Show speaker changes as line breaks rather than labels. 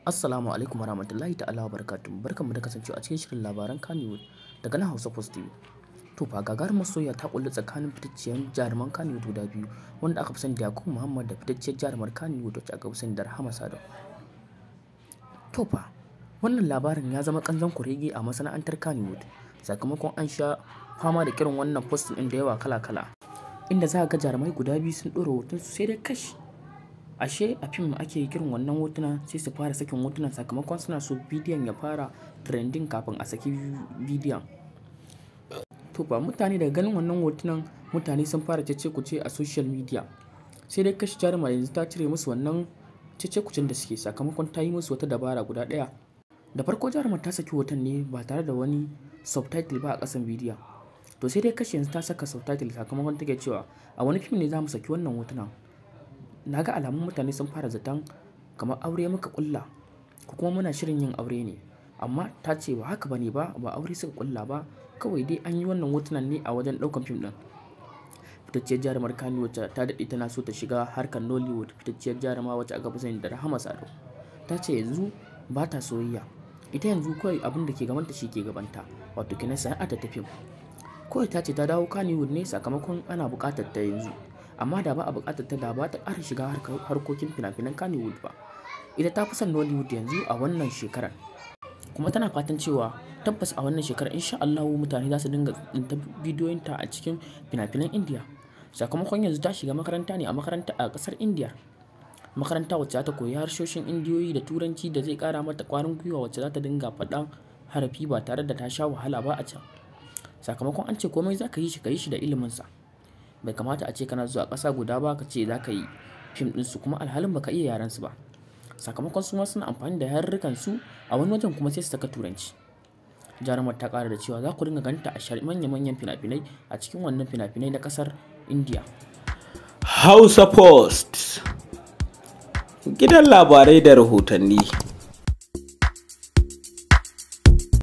Assalamu alaikum warahmatullahi ta'ala wabarakatuh. mu da kasancewa a cikin shirin labaran Kannywood daga nan Hausa Post TV. To fa gagarumar masoya ta kullu tsakanin fitacciyar jaruman Kannywood guda biyu wanda aka fi sani da Yakubu Muhammad da fitacciyar jarumar Kannywood wacce aka fi sani da Rahama Sadau. To fa wannan labarin ya zama kanzon kurege a masana'antar Kannywood sakamakon an sha fama da kirin wannan post din da yawa kala-kala. Inda za ga jarumai guda biyu sun ɗora hoton su sai dai kashi ashe a fim ake kiran wannan hotuna sai su fara sakin hotunan sakamakon suna so bidiyon ya fara trending kafin a saki bidiyon to ba mutane daga ganin wannan hotunan mutane sun fara cece kuce a social media sai dai kashi jarima yanzu ta cire musu wannan cece kucin da suke sakamakon ta yi musu wata dabara guda daya. da farko jarumar ta saki hoton ne ba tare da wani subtitle ba a kasan bidiyon to sai dai kashi yanzu ta saka subtitle sakamakon take cewa a wani fim ne za mu saki wannan hotunan na ga alamun mutane sun fara zaton kamar aure muka kulla ko kuma muna shirin yin aure ne amma ta ce ba haka bane ba ba aure suka kulla ba kawai dai an yi wannan hotunan ne a wajen daukan fim ɗin fitacciyar jarumar kano wacce ta daɗe tana so ta shiga harkar nollywood fitacciyar jaruma wacce aka fi sani da rahama sado ta ce yanzu ba ta soyayya ita yanzu kawai abin da ke gabanta shi ke gabanta wato kinan sana'a ta tafi kawai ta ce ta dawo kaniwood ne sakamakon ana buƙatar ta yanzu amma da ba a buƙatar ta da ba ta ƙara shiga harkokin fina-finan kannywood ba ita ta fi son nollywood yanzu a wannan shekarar kuma tana fatan cewa tabbas a wannan shekarar insha allahu mutane za su dinga tsinta bidiyoyinta a cikin fina-finan indiya sakamakon yanzu ta shiga makaranta ne a makaranta a ƙasar indiya makaranta wacce za ta koyi harshoshin indiyoyi da turanci da zai kara mata kwarin gwiwa wacce za ta dinga faɗan harafi ba tare da ta sha wahala ba a can sakamakon an ce komai za ka yi shi ka yi shi da iliminsa bai kamata a ce kana zuwa ƙasa guda ba ka ce za ka yi fim ɗinsu kuma alhalin baka iya yaran su ba sakamakon su ma suna amfani da yarurrukan su a wani wajen kuma sai su saka turanci jarumar ta ƙara da cewa za ku dinga ganta a shari manya-manyan fina-finai a cikin wannan fina-finai na ƙasar india hausa post gidan labarai da rahotanni